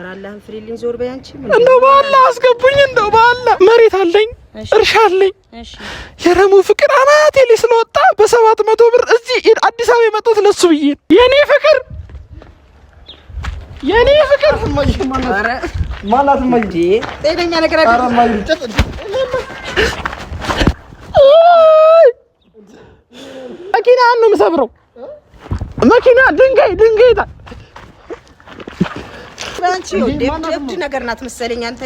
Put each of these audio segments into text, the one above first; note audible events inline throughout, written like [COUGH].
አራላህን ፍሪልኝ፣ ዞር በያንቺ አንቺ። እንደው በአላህ አስገቡኝ፣ እንደው በአላህ መሬት አለኝ፣ እርሻ አለኝ። የረሙ ፍቅር አናቴ ላይ ስለወጣ በሰባት መቶ ብር እዚህ አዲስ አበባ የመጣሁት ለሱ ብዬ የኔ ፍቅር የኔ ፍቅር ማላት ማይዲ ጤነኛ ነገር አይደለም። መኪና ነው የምሰብረው መኪና ድንጋይ ድንጋይ አንቺ እብድ ነገር ናት መሰለኝ አንተ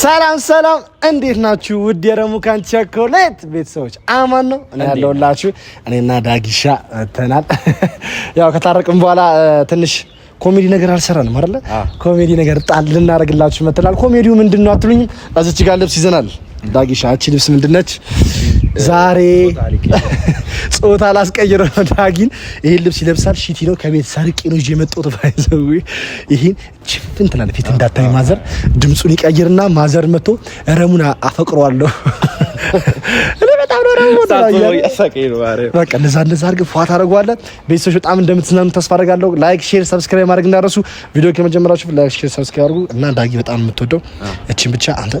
ሰላም ሰላም፣ እንዴት ናችሁ? ውድ የረሙካን ቸኮሌት ቤተሰቦች አማን ነው እኔ ያለሁላችሁ። እኔና ዳጊሻ መተናል። [LAUGHS] ያው ከታረቅም በኋላ ትንሽ ኮሜዲ ነገር አልሰራንም አይደለ? ኮሜዲ ነገር ጣል ልናደርግላችሁ መተናል። ኮሜዲው ምንድን ነው አትሉኝም? እዚች ጋር ልብስ ይዘናል ዳጊሻ አቺ ልብስ ምንድነች? ዛሬ ጾታ [LAUGHS] ላስቀይረ ዳጊን ይሄን ልብስ ይለብሳል። ሺቲ ነው ከቤት ሰርቄ ነው ይዤ መጣሁት። ባይዘው ይሄን ችፍን ትላለ ፊት እንዳታይ ማዘር ድምፁን ይቀይርና ማዘር መጥቶ ረሙን አፈቅሯለሁ [LAUGHS] እኔ በጣም ነው ነው ቤተሰቦች በጣም እንደምትዝናኑ ተስፋ አደርጋለሁ። ላይክ፣ ሼር፣ ሰብስክራይብ ማድረግ እንዳረሱ። ቪዲዮ ከመጀመራችሁ ላይክ፣ ሼር፣ ሰብስክራይብ አድርጉ እና ዳጊ በጣም የምትወደው እቺን ብቻ አንተ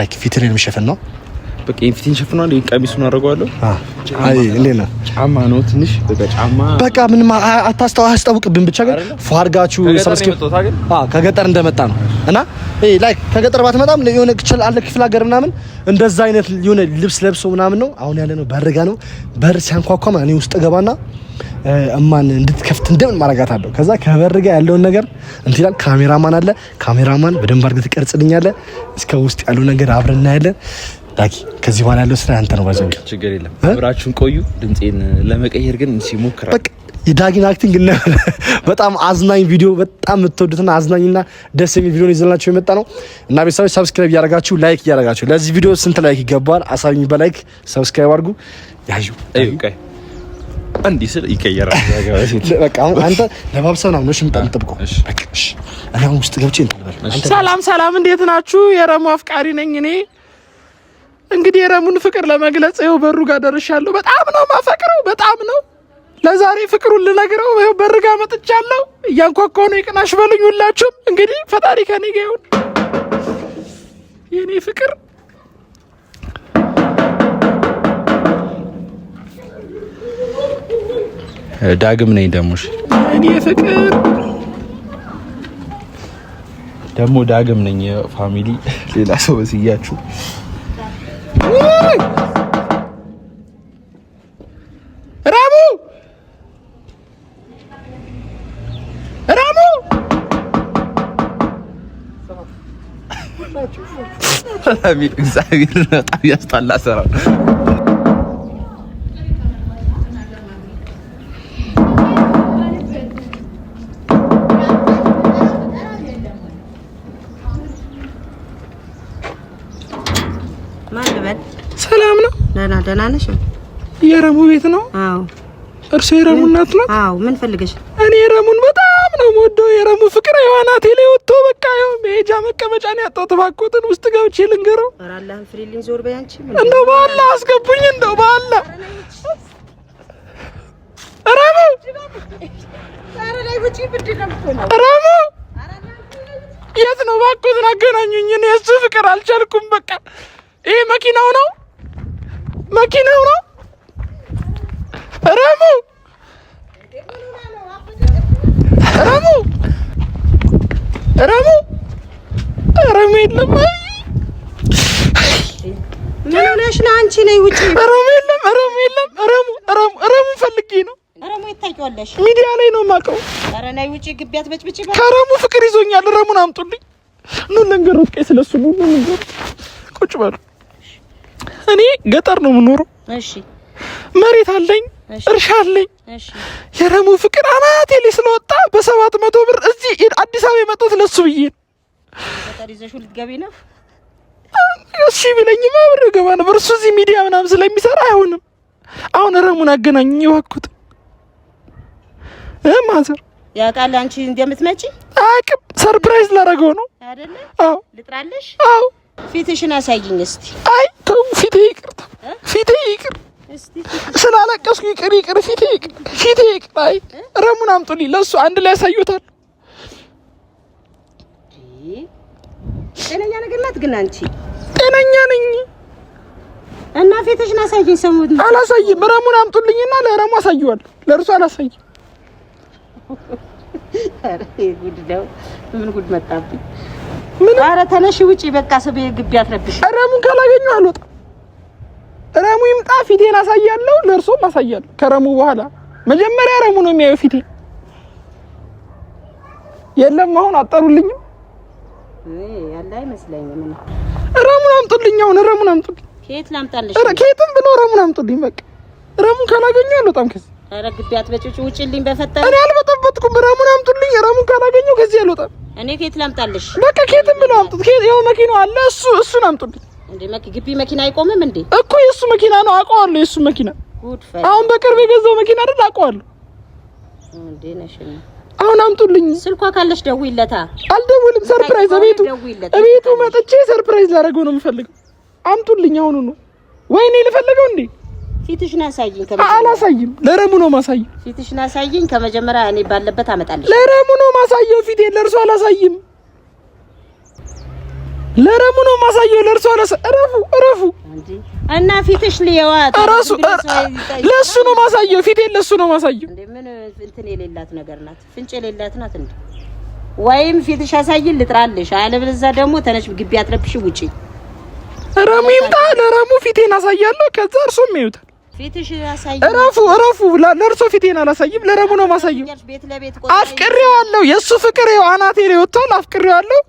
ላይክ ፊትሬን ነው በቃ የፊቴን ሸፍኗል። ቀሚሱን አደርገዋለሁ። አይ ሌላ ጫማ ነው ትንሽ በቃ ጫማ በቃ ምንም አታስተው አያስታውቅብን። ብቻ ግን ፏርጋቹ ፏርጋችሁ ከገጠር እንደመጣ ነው እና ላይ ከገጠር ባትመጣም የሆነ አለ ክፍለ ሀገር ምናምን እንደዛ አይነት የሆነ ልብስ ለብሶ ምናምን ነው። አሁን ያለ ነው በርጋ ነው። በር ሲያንኳኳ እኔ ውስጥ ገባና እማን እንድትከፍት እንደምን ማረጋት አለው። ከዛ ከበርጋ ያለውን ነገር እንትላል ካሜራማን አለ። ካሜራማን በደንብ አድርገህ ትቀርጽልኛለህ። እስከ ውስጥ ያለው ነገር አብረን እናያለን። ዳኪ ከዚህ በኋላ ያለው ስራ አንተ ነው። ባዘው ችግር የለም አብራችሁን ቆዩ። ድምጼን ለመቀየር ግን ሲሞክራ በቃ የዳጊን አክቲንግ [LAUGHS] በጣም አዝናኝ ቪዲዮ፣ በጣም የምትወዱትና አዝናኝና ደስ የሚል ቪዲዮ ይዘላችሁ የመጣ ነው እና ቤተሰቦች ሰብስክራይብ እያደረጋችሁ ላይክ እያደረጋችሁ ለዚህ ቪዲዮ ስንት ላይክ ይገባዋል? አሳብኝ በላይክ ሰብስክራይብ አድርጉ። ያዩ እንዲህ ስል ይቀየራል። [LAUGHS] አንተ ለባብሰብ ነው ነው ሽምጣ የምጠብቀው። እሺ እኔ ውስጥ ገብቼ እንትን ሰላም ሰላም፣ እንዴት ናችሁ? የረሙ አፍቃሪ ነኝ እኔ እንግዲህ የረሙን ፍቅር ለመግለጽ ይኸው በሩ ጋር ደርሻለሁ። በጣም ነው ማፈቅረው፣ በጣም ነው ለዛሬ ፍቅሩን ልነግረው ይኸው በር ጋር መጥቻለሁ። እያንኳኳኑ ይቅናሽ በሉኝ ሁላችሁም። እንግዲህ ፈጣሪ ከኔ ጋር ይሁን። የእኔ ፍቅር ዳግም ነኝ ደግሞ እኔ ፍቅር ደግሞ ዳግም ነኝ። ፋሚሊ ሌላ ሰው በስያችሁ ራሙ ራሙ እግዚአብሔር በጣም ያስጣላ ሰራ ነሽ? የረሙ ቤት ነው? አዎ። እርሶ የረሙ እናት ነው? አዎ። ምን ፈልገሽ? እኔ የረሙን በጣም ነው የምወደው። የረሙ ፍቅር የዋናት ሌ ወጥቶ በቃ ይኸው መሄጃ መቀመጫ ነው ያጣሁት። እባክዎትን ውስጥ ገብቼ ልንገረው። ኧረ አላህ ፍሪሊን ዞር በይ አንቺ። እንደው በአላህ አስገቡኝ፣ እንደው በአላህ ረሙ ረሙ የት ነው እባክዎትን አገናኙኝ። እኔ እሱ ፍቅር አልቻልኩም። በቃ ይሄ መኪናው ነው መኪናው ነው ረሙ ረሙ ረሙ ረሙ የለም ምን ሆነሽ ነው አንቺ ነይ ውጪ ረሙ የለም ረሙ የለም ረሙ ረሙ ረሙ ፈልጌ ነው ረሙ ይታውቂዋለሽ ሚዲያ ላይ ነው የማውቀው ኧረ ነይ ውጪ ግቢ አትበጭብጭ ከረሙ ፍቅር ይዞኛል ረሙን አምጡልኝ ኑ ልንገር ወቄ ስለሱ ኑ ልንገር ቁጭ በሉ እኔ ገጠር ነው የምኖረው። እሺ፣ መሬት አለኝ፣ እርሻ አለኝ። የረሙ ፍቅር አናቴ ላይ ስለወጣ በሰባት መቶ ብር እዚህ አዲስ አበባ የመጣሁት ለሱ ብዬ ነው። ገጠር ይዘሽው ልትገቢ ነው? እሺ ብለኝ አብሬው ገባ ነበር። እሱ እዚህ ሚዲያ ምናምን ስለሚሰራ አይሆንም። አሁን ረሙን አገናኝ ይዋኩት ማዘር ያውቃል አንቺ እንደምትመጪ አቅም ሰርፕራይዝ ላደረገው ነው አይደለ? አዎ ልጥራለሽ። አዎ ፊትሽን አሳይኝ እስቲ። አይ ተው፣ ፊቴ ይቅር፣ ፊቴ ይቅር። ስላለቀስኩ ይቅር፣ ይቅር፣ ፊቴ ይቅር፣ ፊቴ ይቅር። አይ ረሙን አምጡልኝ፣ ለእሱ አንድ ላይ ያሳዩታል። ጤነኛ ነገር ናት ግን አንቺ። ጤነኛ ነኝ እና ፊትሽን አሳይኝ። ሰሙት አላሳይም። ረሙን አምጡልኝና ለረሙ አሳየዋለሁ፣ ለእርሱ አላሳይም። [LAUGHS] ጉድ ነው። ምን ጉድ መጣብኝ። ምን? አረ ተነሽ ውጪ። በቃ ስብ ግቢ አትረብሽ። ረሙን ካላገኙ አልወጣም። ረሙ ይምጣ፣ ፊቴን አሳያለሁ፣ ለእርሶም አሳያለሁ። ከረሙ በኋላ መጀመሪያ ረሙ ነው የሚያየው ፊቴ። የለም አሁን አጠሩልኝም። ያለ አይመስለኝም። ረሙን አምጡልኝ፣ አሁን ረሙን አምጡልኝ። ከየት ላምጣልሽ? ከየትም ብሎ ረሙን አምጡልኝ። በቃ ረሙን ካላገኘሁ አልወጣም ከዚህ ኧረ ግቢ አትበጭ፣ ውጪልኝ በፈጠረ። እኔ አልበጠበጥኩም። ረሙን አምጡልኝ። ረሙን ካላገኘሁ ከዚህ አልወጣም። እኔ ከየት ላምጣልሽ? በቃ ከየትም ምን አምጡት። ከየት ይኸው መኪና አለ። እሱ እሱን አምጡልኝ። እንዴ መኪ ግቢ መኪና አይቆምም እንዴ? እኮ የእሱ መኪና ነው አውቀዋለሁ። የእሱ መኪና አሁን በቅርብ የገዛው መኪና አይደል? አውቀዋለሁ። እንዴ ነሽ? አሁን አምጡልኝ። ስልኳ ካለሽ ደውይለታ። አልደውልም። ሰርፕራይዝ እቤቱ እቤቱ መጥቼ ሰርፕራይዝ ላደርገው ነው የምፈልገው። አምጡልኝ አሁኑ ነው። ወይኔ ልፈልገው እንዴ ፊትሽን አሳይኝ። አላሳይም። ለረሙ ነው ማሳየው። ፊትሽን አሳይኝ። ከመጀመሪያ እኔ ባለበት አመጣለሁ። ለረሙ ነው ማሳየው። ፊቴን ለእርሱ አላሳይም። ለረሙ ነው ማሳየው። ለእርሱ አላሳ እረፉ፣ እረፉ እና ፊትሽ ሊያዋ እራሱ ለሱ ነው ማሳየው። ፊቴን ለሱ ነው ማሳየው። እንዴ ምን እንትን የሌላት ነገር ናት፣ ፍንጭ የሌላት ናት። እንዴ? ወይም ፊትሽ አሳይን ልጥራልሽ፣ አለበለዚያ ደግሞ ተነሽ ግቢ አትለብሽ ውጪ። ረሙ ይምጣ። ለረሙ ፊቴን አሳያለሁ። ከዛ እርሱም ይዩታል። እረፉ እረፉ። ለእርሶ ፊቴን አላሳይም፣ ለረቡ ነው ማሳየው። አፍቅሬዋለሁ፣ የእሱ ፍቅር ይኸው አናቴ ላይ ወጥቷል። አፍቅሬዋለሁ።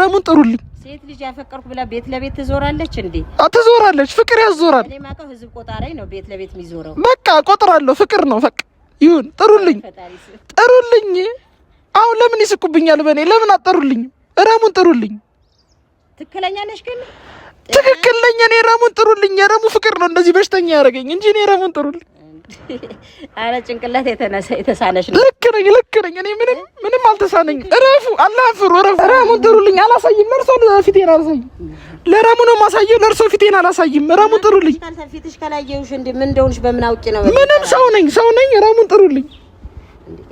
ረሙን ጥሩልኝ። ሴት ልጅ ያፈቀርኩ ብላ ቤት ለቤት ትዞራለች እንዴ? ትዞራለች፣ ፍቅር ያዞራል። ማቀው ህዝብ ቆጣሪ ነው ቤት ለቤት የሚዞረው። በቃ ቆጥራለሁ። ፍቅር ነው። ፈቅ ይሁን። ጥሩልኝ፣ ጥሩልኝ። አሁን ለምን ይስቁብኛል በእኔ? ለምን አጠሩልኝ? ረሙን ጥሩልኝ። ትክክለኛ ነሽ ግን ትክክል ነኝ። እኔ ረሙን ጥሩልኝ። የረሙ ፍቅር ነው እንደዚህ በሽተኛ ያደረገኝ እንጂ እኔ ረሙን ጥሩልኝ። አረ ጭንቅላት የተነሳ የተሳነሽ ነው። ልክ ነኝ፣ ልክ ነኝ። እኔ ምንም ምንም አልተሳነኝ። እረፉ፣ አላፍሩ፣ እረፉ። ረሙን ጥሩልኝ። አላሳይም፣ ለእርሶ ፊቴን አላሳይም። ለረሙ ነው የማሳየው፣ ለእርሶ ፊቴን አላሳይም። ረሙን ጥሩልኝ። ፊትሽ ካላየሁሽ እንዴ ምን እንደሆንሽ በምን አውቄ ነው? ምንም ሰው ነኝ፣ ሰው ነኝ። ረሙን ጥሩልኝ።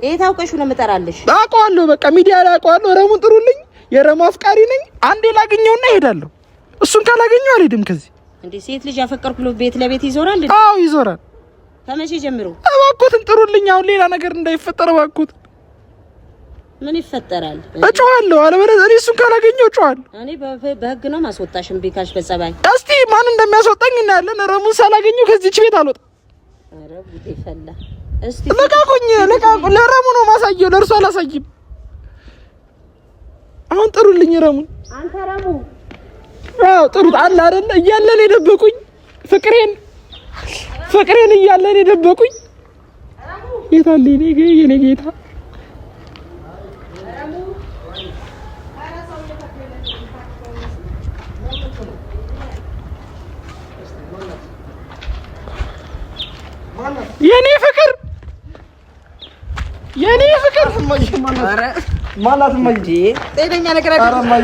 ይሄ ታውቀሽው ነው የምጠራልሽ። አውቀዋለሁ፣ በቃ ሚዲያ ላይ አውቀዋለሁ። ረሙን ጥሩልኝ። የረሙ አፍቃሪ ነኝ። አንዴ ላግኘውና እሄዳለሁ። እሱን ካላገኘው አልሄድም ከዚህ። እንዴ ሴት ልጅ ያፈቀርኩ ብሎ ቤት ለቤት ይዞራል? እንዴ? አዎ ይዞራል። ከመቼ ጀምሮ? እባክዎትን ጥሩልኝ፣ አሁን ሌላ ነገር እንዳይፈጠር እባክዎት። ምን ይፈጠራል? እጮሃለሁ። አለበለዚያ እኔ እሱን ካላገኘው እጮሃለሁ። እኔ በህግ ነው ማስወጣሽ። እምቢ ካልሽ በጸባይ። እስቲ ማን እንደሚያስወጣኝ እናያለን። ረሙን ሳላገኘው ከዚህች ቤት አልወጣም። ኧረ ጉዴ ፈላ። እስቲ ልቃቁኝ፣ ልቃቁ። ለረሙ ነው ማሳየው፣ ለእርሱ አላሳይም። አሁን ጥሩልኝ ረሙን። አንተ ረሙ ጥሩት አለ አይደለ? እያለን የደበቁኝ ፍቅሬን ፍቅሬን እያለን የደበቁኝ ጌታ ለኔ የኔ ጌታ የኔ ፍቅር የኔ ፍቅር ማላት ማይ ጤነኛ ነገር አይደለም።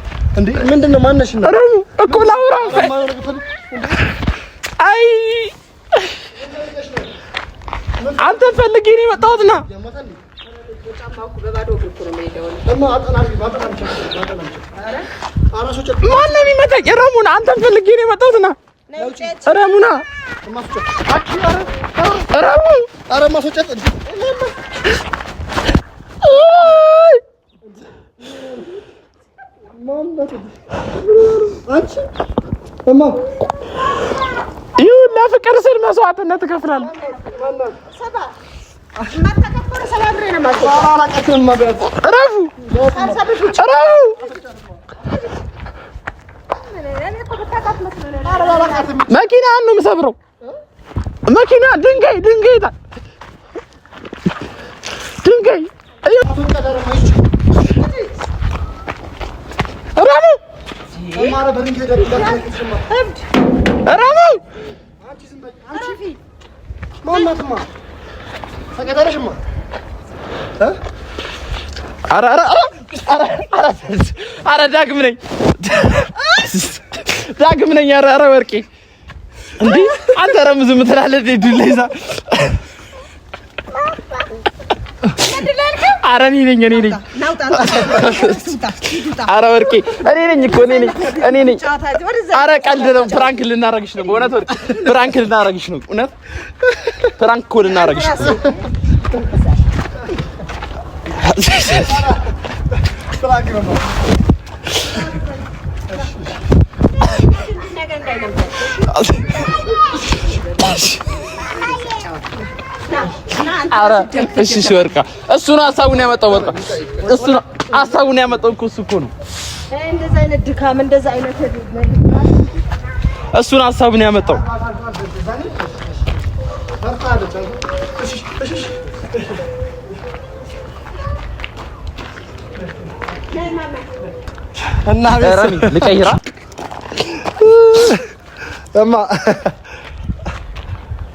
እንዴ ምንድን ነው? ማነሽ ነው እኮ ላውራ። አይ አንተ ፈልጌ ነው የመጣሁት። ና ማነው የሚመታኝ? ረሙና አንተ ፈልጌ ነው የመጣሁት። ና ረሙና ረሙ ይሁን ለፍቅር ስል መስዋዕትነት እከፍላለሁ። መኪና ነው የምሰብረው። መኪና ድንጋይ ድንጋይ ድንጋይ ኧረ ዳግም ነኝ ዳግም ነኝ። ኧረ ኧረ ወርቄ እንዴ አንተ ኧረ ትላለህ? ዱላ ይዛ ኧረ እኔ ነኝ እኔ ነኝ። ኧረ ወርቄ እኔ ነኝ እኮ እኔ ነኝ እኔ ነኝ። ኧረ ቀልድ ነው። ፍራንክ ልናረግሽ ነው በእውነት ወርቄ፣ ፍራንክ ልናረግሽ ነው እውነት። ፍራንክ እኮ ልናረግሽ ነው። እሺ እሺ፣ ወርቃ እሱ ነው ሀሳቡን ያመጣው። ወርቃ እሱ ነው ሀሳቡን ያመጣው እኮ እሱ እኮ ነው። እንደዛ አይነት ድካም፣ እንደዛ አይነት እሱ ነው ሀሳቡን ያመጣው። እና ልቀይራ እማ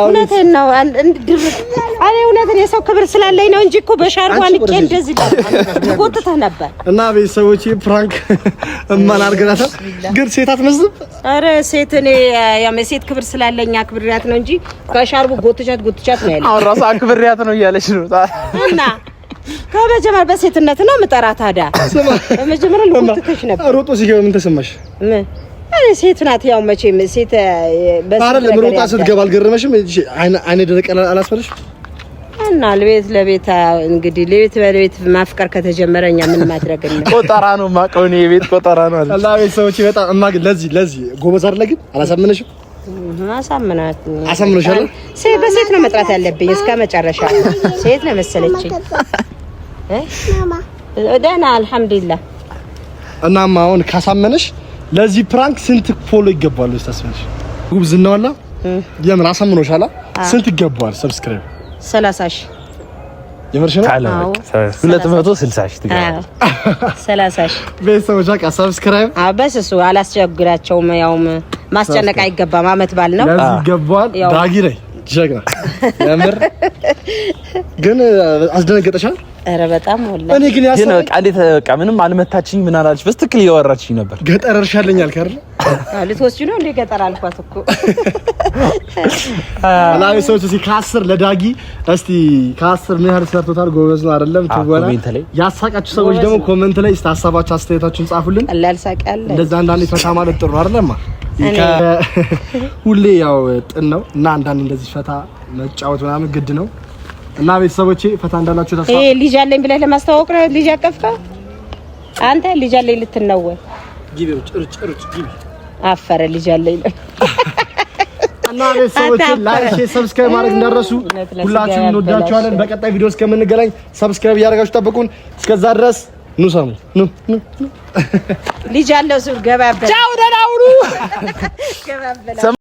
እውነቴን ነው። እውነትን የሰው ክብር ስላለኝ ነው እንጂ እኮ በሻርቧ ንቄ እንደዚህ ጎትተህ ነበር። እና ቤተሰቦች ፕራንክ እማን አድርገናታል፣ ግን ሴት አትመስልም። ኧረ ሴት እኔ የሴት ክብር ስላለኝ አክብሬያት ነው እንጂ በሻርቡ ጎትቻት ጎትቻት ነው ያለኝ። አሁን ራሱ አክብሬያት ነው እያለች ነው እና ከመጀመር በሴትነት ነው የምጠራት። ታዲያ በመጀመሪያ ልጎትተሽ ነበር። ሮጦ ሲገባ ምን ተሰማሽ? ሴት ናት። ያው መቼም ሴት አይደለም። ሮጣ ስትገባ አልገረመሽም? አይነ ደረቀ አላስፈለሽ እና ለቤት ለቤት እንግዲህ ለቤት በለቤት ማፍቀር ከተጀመረ እኛ ምን ማድረግ ነው? ቆጠራ ነው የማውቀው እኔ የቤት ቆጠራ ነው አለ እና ቤት ሰዎች በጣም እና ለዚህ ለዚህ ጎበዝ አይደለ ግን አላሳመነሽም? አሳምናት አሳምነሻል። ሴት በሴት ነው መጥራት ያለብኝ እስከ መጨረሻ ሴት ነው መሰለችኝ። ደህና አልሐምዱሊላህ። እናማ አሁን ካሳመነሽ ለዚህ ፕራንክ ስንት ፎሎ ይገባል? ተስፋሽ ጉብዝና ዋላ የምን አሳምኖሻላ? ስንት ይገባል? ሰብስክራይብ 30 ሺ የምርሽ ነው። ሁለት መቶ ስልሳ ሺህ ትገባለች። ሰላሳ ሺህ ቤተሰቦች ሰብስክራይብ አበስ እሱ አላስቸግራቸውም። ያውም ማስጨነቅ አይገባም። አመት ባል ነው ለዚህ ይገባል። ዳጊ ነኝ ጀግና። የምር [LAUGHS] ግን አስደነገጠሻል ኧረ በጣም ወላሂ እኔ ግን ያሰበኝ በቃ እንዴት በቃ ምንም አልመታችኝ። ምን አላለች በስትክል እያወራችኝ ነበር። ገጠር እርሻለኝ አልክ አይደል? ልትወስጂ ነው እንዴ? ገጠር አልኳት እኮ [LAUGHS] አላህ ሰዎች እስኪ ከአስር ለዳጊ እስቲ ከአስር ምን ያህል ሰርቶታል? ጎበዝ ነው አይደለም? ትወና ያሳቃችሁ ሰዎች ደግሞ ኮመንት ላይ እስቲ ሀሳባችሁ አስተያየታችሁን ጻፉልን። ላልሳቅ እንደዛ አንዳንዴ ፈታ ማለት ጥሩ አይደለም። [LAUGHS] ሁሌ ያው ጥን ነው እና አንዳንድ እንደዚህ ፈታ መጫወት ምናምን ግድ ነው። እና ቤተሰቦቼ ፈታ እንዳላችሁ ተስፋ እ ልጅ አለኝ ብለህ ለማስተዋወቅ ነው። ልጅ አቀፍከው አንተ ልጅ አለኝ ልትነወር ጊቢው ጭርጭ ጭርጭ ጊቢ አፈረ ልጅ አለኝ እና ቤተሰቦቼ ላይክ፣ ሼር፣ ሰብስክራይብ ማድረግ እንዳረሱ። ሁላችሁም እንወዳችኋለን። በቀጣይ ቪዲዮ እስከምንገናኝ ሰብስክራይብ እያደረጋችሁ ጠብቁን። እስከዛ ድረስ ኑ ሰሙ ኑ ኑ ኑ ልጅ አለው ሱር ገባበላ ቻው ደህና ሁኑ ገባበላ